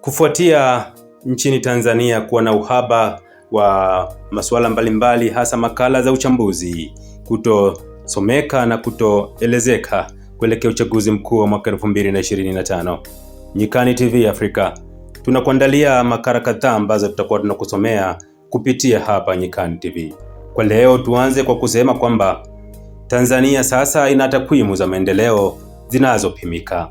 Kufuatia nchini Tanzania kuwa na uhaba wa masuala mbalimbali hasa makala za uchambuzi kutosomeka na kutoelezeka kuelekea uchaguzi mkuu wa mwaka 2025. Nyikani TV Afrika tunakuandalia makala kadhaa ambazo tutakuwa tunakusomea kupitia hapa Nyikani TV. Kwa leo tuanze kwa kusema kwamba Tanzania sasa ina takwimu za maendeleo zinazopimika.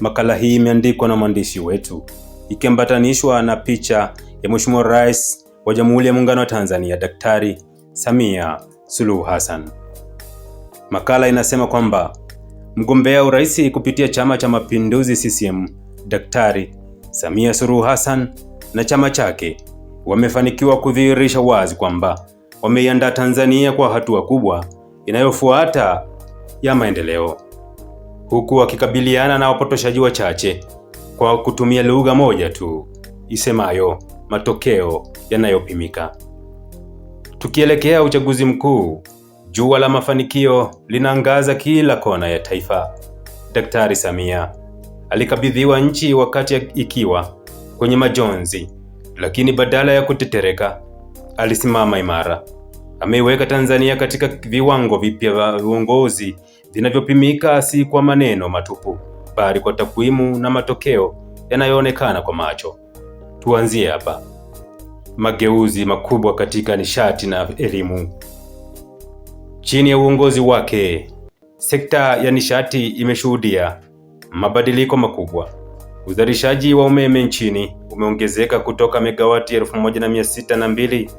Makala hii imeandikwa na mwandishi wetu ikiambatanishwa na picha ya Mheshimiwa Rais wa Jamhuri ya Muungano wa Tanzania Daktari Samia Suluhu Hassan. Makala inasema kwamba mgombea urais kupitia Chama cha Mapinduzi CCM Daktari Samia Suluhu Hassan na chama chake wamefanikiwa kudhihirisha wazi kwamba wameiandaa Tanzania kwa hatua kubwa inayofuata ya maendeleo huku wakikabiliana na wapotoshaji wachache kwa kutumia lugha moja tu isemayo matokeo yanayopimika. Tukielekea uchaguzi mkuu, jua la mafanikio linaangaza kila kona ya taifa. Daktari Samia alikabidhiwa nchi wakati ikiwa kwenye majonzi, lakini badala ya kutetereka alisimama imara. Ameiweka Tanzania katika viwango vipya vya uongozi vinavyopimika si kwa maneno matupu, bali kwa takwimu na matokeo yanayoonekana kwa macho. Tuanzie hapa. Mageuzi makubwa katika nishati na elimu. Chini ya uongozi wake, sekta ya nishati imeshuhudia mabadiliko makubwa. Uzalishaji wa umeme nchini umeongezeka kutoka megawati 1602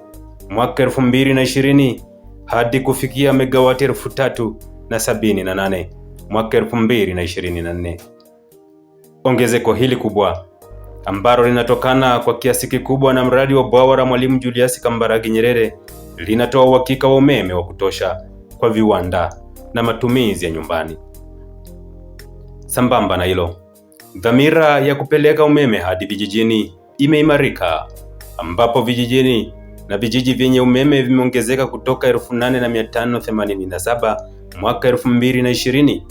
mwaka 2020 hadi kufikia megawati 3000 na sabini na nane mwaka elfu mbili na ishirini na nne. Ongezeko hili kubwa ambalo linatokana kwa kiasi kikubwa na mradi wa bwawa la Mwalimu Julius Kambarage Nyerere linatoa uhakika wa umeme wa kutosha kwa viwanda na matumizi ya nyumbani. Sambamba na hilo, dhamira ya kupeleka umeme hadi vijijini imeimarika ambapo vijijini na vijiji vyenye umeme vimeongezeka kutoka 8587 mwaka elfu mbili na ishirini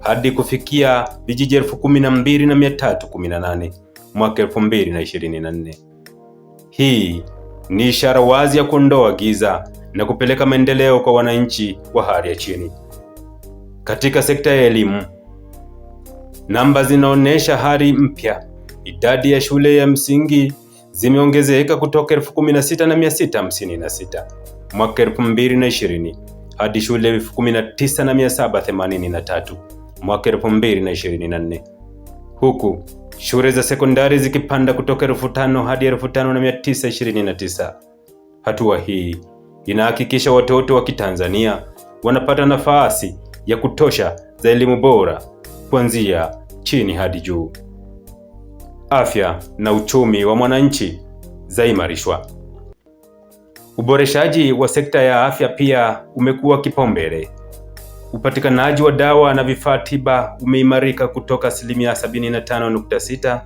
hadi kufikia vijiji elfu kumi na mbili na mia tatu kumi na nane mwaka elfu mbili na ishirini na nne. Hii ni ishara wazi ya kuondoa giza na kupeleka maendeleo kwa wananchi wa hali ya chini. Katika sekta ya elimu, namba zinaonyesha hali mpya. Idadi ya shule ya msingi zimeongezeka kutoka elfu kumi na sita na mia sita hamsini na sita mwaka elfu mbili na ishirini hadi shule tatu mwaka nne huku shule za sekondari zikipanda kutoka elfu tano hadi elfu tano na mia tisa ishirini na tisa. Hatua hii inahakikisha watoto wa Kitanzania wanapata nafasi ya kutosha za elimu bora kuanzia chini hadi juu. Afya na uchumi wa mwananchi zaimarishwa. Uboreshaji wa sekta ya afya pia umekuwa kipaumbele. Upatikanaji wa dawa na vifaa tiba umeimarika kutoka asilimia 75.6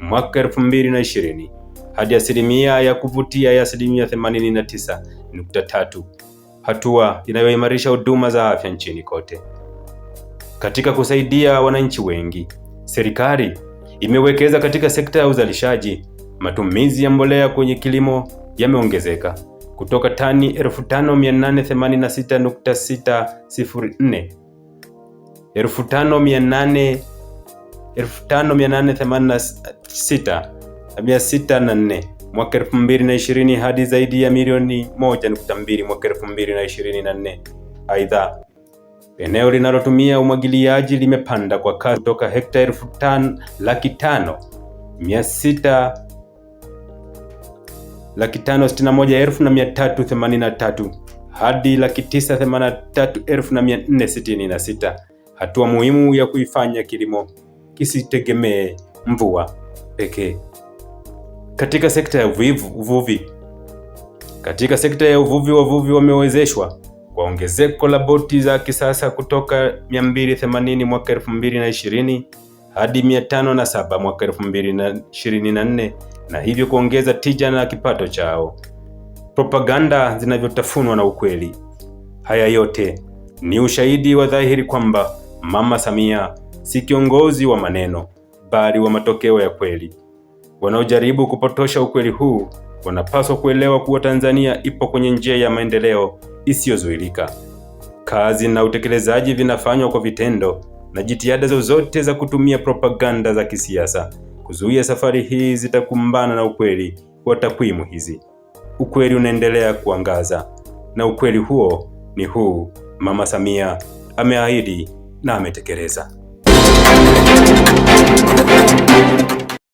mwaka 2020 hadi asilimia ya kuvutia ya asilimia 89.3, hatua inayoimarisha huduma za afya nchini kote. Katika kusaidia wananchi wengi, serikali imewekeza katika sekta ya uzalishaji. Matumizi ya mbolea kwenye kilimo yameongezeka kutoka tani 5886.604 5886.604 mwaka 2020 hadi zaidi ya milioni 1.2 mwaka 2024. Aidha, eneo linalotumia umwagiliaji limepanda kwa kasi kutoka hekta elfu tano laki tano mia sita laki tano sitini na moja elfu na mia tatu themanini na tatu hadi laki tisa themanini na tatu elfu na mia nne sitini na sita. Hatua muhimu ya kuifanya kilimo kisitegemee mvua pekee. Katika sekta ya uvivu, uvuvi, katika sekta ya uvuvi wavuvi wamewezeshwa kwa ongezeko la boti za kisasa kutoka 280 mwaka 2020 hadi 507 mwaka 2024 na hivyo kuongeza tija na kipato chao, propaganda zinavyotafunwa na ukweli. Haya yote ni ushahidi wa dhahiri kwamba Mama Samia si kiongozi wa maneno, bali wa matokeo ya kweli. Wanaojaribu kupotosha ukweli huu wanapaswa kuelewa kuwa Tanzania ipo kwenye njia ya maendeleo isiyozuilika. Kazi na utekelezaji vinafanywa kwa vitendo, na jitihada zozote za kutumia propaganda za kisiasa Kuzuia safari hii zitakumbana na ukweli wa takwimu hizi. Ukweli unaendelea kuangaza, na ukweli huo ni huu: Mama Samia ameahidi na ametekeleza.